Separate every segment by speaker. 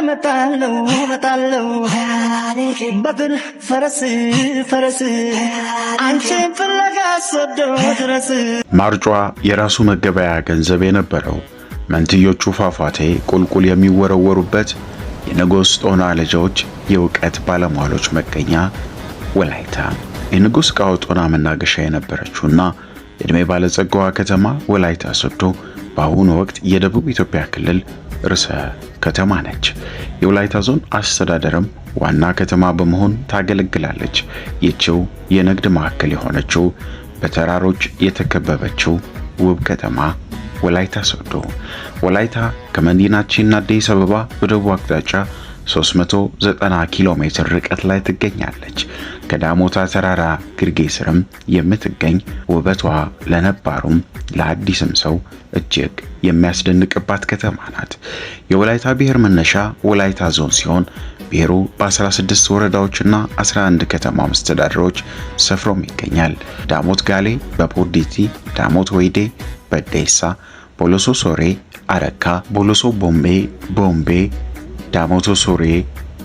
Speaker 1: እመጣለሁ እመጣለሁ በብር ፈረስ ፈረስ አንቺን ፍለጋ ድረስ። ማርጯ የራሱ መገበያ ገንዘብ የነበረው መንትዮቹ ፏፏቴ ቁልቁል የሚወረወሩበት የንጉሥ ጦና ልጆች የእውቀት ባለሟሎች መገኛ ወላይታ የንጉሥ ቃው ጦና መናገሻ የነበረችውና የዕድሜ ባለጸጋዋ ከተማ ወላይታ ሶዶ በአሁኑ ወቅት የደቡብ ኢትዮጵያ ክልል ርዕሰ ከተማ ነች። የወላይታ ዞን አስተዳደርም ዋና ከተማ በመሆን ታገለግላለች። ይችው የንግድ ማዕከል የሆነችው በተራሮች የተከበበችው ውብ ከተማ ወላይታ ሶዶ። ወላይታ ከመዲናችን አዲስ አበባ በደቡብ አቅጣጫ 390 ኪሎ ሜትር ርቀት ላይ ትገኛለች። ከዳሞታ ተራራ ግርጌ ስርም የምትገኝ ውበቷ ለነባሩም ለአዲስም ሰው እጅግ የሚያስደንቅባት ከተማ ናት። የወላይታ ብሔር መነሻ ወላይታ ዞን ሲሆን ብሔሩ በ16 ወረዳዎችና 11 ከተማ መስተዳድሮች ሰፍሮም ይገኛል። ዳሞት ጋሌ፣ በፖርዲቲ፣ ዳሞት ወይዴ፣ በዴሳ፣ ቦሎሶ ሶሬ፣ አረካ፣ ቦሎሶ ቦምቤ፣ ቦምቤ፣ ዳሞቶ ሶሬ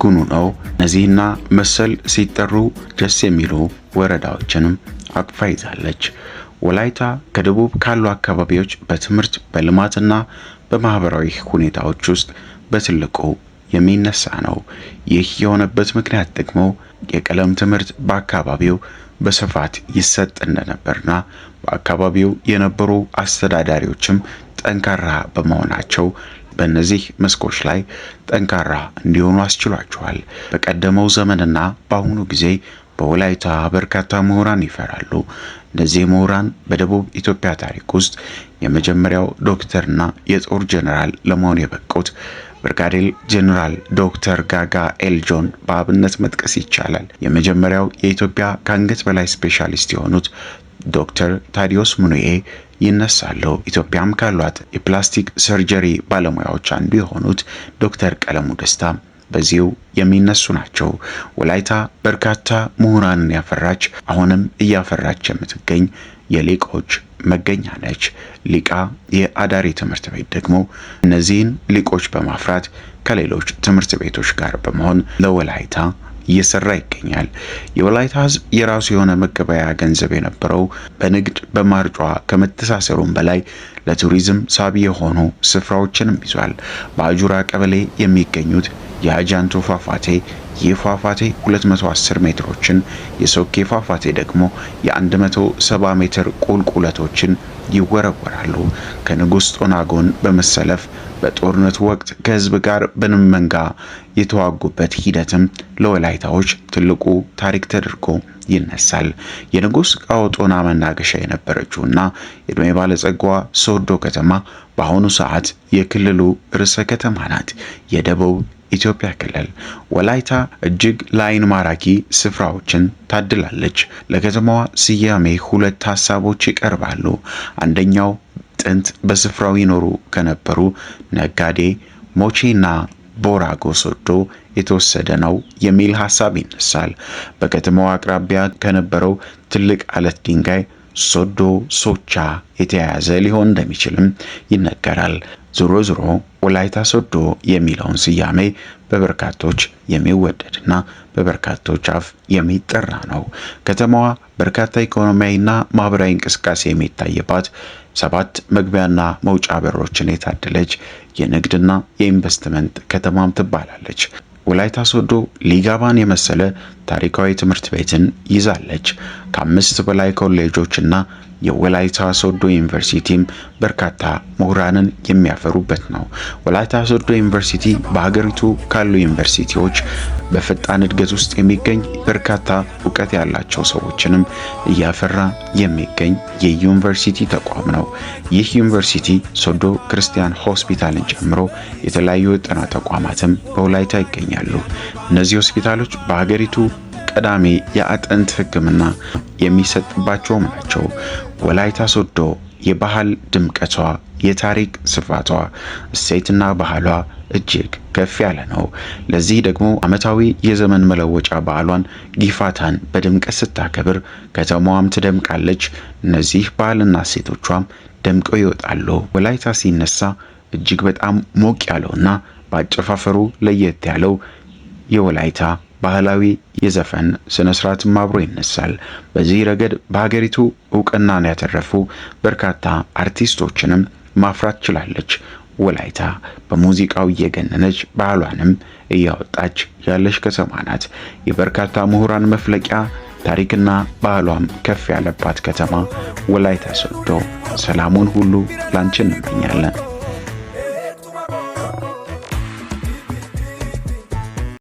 Speaker 1: ምስጉኑ ነው። እነዚህና መሰል ሲጠሩ ደስ የሚሉ ወረዳዎችንም አቅፋ ይዛለች። ወላይታ ከደቡብ ካሉ አካባቢዎች በትምህርት በልማትና በማህበራዊ ሁኔታዎች ውስጥ በትልቁ የሚነሳ ነው። ይህ የሆነበት ምክንያት ደግሞ የቀለም ትምህርት በአካባቢው በስፋት ይሰጥ እንደነበርና በአካባቢው የነበሩ አስተዳዳሪዎችም ጠንካራ በመሆናቸው በእነዚህ መስኮች ላይ ጠንካራ እንዲሆኑ አስችሏቸዋል። በቀደመው ዘመንና በአሁኑ ጊዜ በወላይታ በርካታ ምሁራን ይፈራሉ። እነዚህ ምሁራን በደቡብ ኢትዮጵያ ታሪክ ውስጥ የመጀመሪያው ዶክተርና የጦር ጀኔራል ለመሆን የበቁት ብርጋዴር ጀኔራል ዶክተር ጋጋ ኤልጆን በአብነት መጥቀስ ይቻላል። የመጀመሪያው የኢትዮጵያ ከአንገት በላይ ስፔሻሊስት የሆኑት ዶክተር ታዲዮስ ሙኑኤ ይነሳሉ። ኢትዮጵያም ካሏት የፕላስቲክ ሰርጀሪ ባለሙያዎች አንዱ የሆኑት ዶክተር ቀለሙ ደስታ በዚሁ የሚነሱ ናቸው። ወላይታ በርካታ ምሁራንን ያፈራች አሁንም እያፈራች የምትገኝ የሊቆች መገኛ ነች። ሊቃ የአዳሪ ትምህርት ቤት ደግሞ እነዚህን ሊቆች በማፍራት ከሌሎች ትምህርት ቤቶች ጋር በመሆን ለወላይታ እየሰራ ይገኛል። የወላይታ ህዝብ የራሱ የሆነ መገበያያ ገንዘብ የነበረው በንግድ በማርጯ ከመተሳሰሩም በላይ ለቱሪዝም ሳቢ የሆኑ ስፍራዎችንም ይዟል። በአጁራ ቀበሌ የሚገኙት የአጃንቱ ፏፏቴ ይህ ፏፏቴ 210 ሜትሮችን የሶኬ ፏፏቴ ደግሞ የ170 ሜትር ቁልቁለቶችን ይወረወራሉ። ከንጉሥ ጦና ጎን በመሰለፍ በጦርነቱ ወቅት ከህዝብ ጋር በንመንጋ መንጋ የተዋጉበት ሂደትም ለወላይታዎች ትልቁ ታሪክ ተደርጎ ይነሳል። የንጉሥ ቃወጦና መናገሻ የነበረችውና የዕድሜ ባለጸጓ ሶዶ ከተማ በአሁኑ ሰዓት የክልሉ ርዕሰ ከተማ ናት። የደቡብ ኢትዮጵያ ክልል ወላይታ እጅግ ለአይን ማራኪ ስፍራዎችን ታድላለች። ለከተማዋ ስያሜ ሁለት ሀሳቦች ይቀርባሉ። አንደኛው ጥንት በስፍራው ይኖሩ ከነበሩ ነጋዴ ሞቼና ቦራጎ ሶዶ የተወሰደ ነው የሚል ሀሳብ ይነሳል። በከተማዋ አቅራቢያ ከነበረው ትልቅ አለት ድንጋይ ሶዶ ሶቻ የተያያዘ ሊሆን እንደሚችልም ይነገራል። ዞሮ ዞሮ ወላይታ ሶዶ የሚለውን ስያሜ በበርካቶች የሚወደድና በበርካቶች አፍ የሚጠራ ነው። ከተማዋ በርካታ ኢኮኖሚያዊና ማህበራዊ እንቅስቃሴ የሚታይባት ሰባት መግቢያና መውጫ በሮችን የታደለች የንግድና የኢንቨስትመንት ከተማም ትባላለች። ወላይታ ሶዶ ሊጋባን የመሰለ ታሪካዊ ትምህርት ቤትን ይዛለች። ከአምስት በላይ ኮሌጆችና የወላይታ ሶዶ ዩኒቨርሲቲም በርካታ ምሁራንን የሚያፈሩበት ነው። ወላይታ ሶዶ ዩኒቨርሲቲ በሀገሪቱ ካሉ ዩኒቨርሲቲዎች በፈጣን እድገት ውስጥ የሚገኝ በርካታ እውቀት ያላቸው ሰዎችንም እያፈራ የሚገኝ የዩኒቨርሲቲ ተቋም ነው። ይህ ዩኒቨርሲቲ ሶዶ ክርስቲያን ሆስፒታልን ጨምሮ የተለያዩ የጤና ተቋማትም በወላይታ ይገኛሉ። እነዚህ ሆስፒታሎች በሀገሪቱ ቀዳሚ የአጥንት ሕክምና የሚሰጥባቸውም ናቸው። ወላይታ ሶዶ የባህል ድምቀቷ የታሪክ ስፋቷ እሴትና ባህሏ እጅግ ከፍ ያለ ነው። ለዚህ ደግሞ ዓመታዊ የዘመን መለወጫ በዓሏን ጊፋታን በድምቀት ስታከብር ከተማዋም ትደምቃለች። እነዚህ ባህልና እሴቶቿም ደምቀው ይወጣሉ። ወላይታ ሲነሳ እጅግ በጣም ሞቅ ያለውና በአጨፋፈሩ ለየት ያለው የወላይታ ባህላዊ የዘፈን ስነ ስርዓትም አብሮ ይነሳል። በዚህ ረገድ በሀገሪቱ እውቅናን ያተረፉ በርካታ አርቲስቶችንም ማፍራት ችላለች። ወላይታ በሙዚቃው እየገነነች ባህሏንም እያወጣች ያለች ከተማ ናት። የበርካታ ምሁራን መፍለቂያ ታሪክና ባህሏም ከፍ ያለባት ከተማ ወላይታ ሶዶ። ሰላሙን ሁሉ ላንቺ እንመኛለን።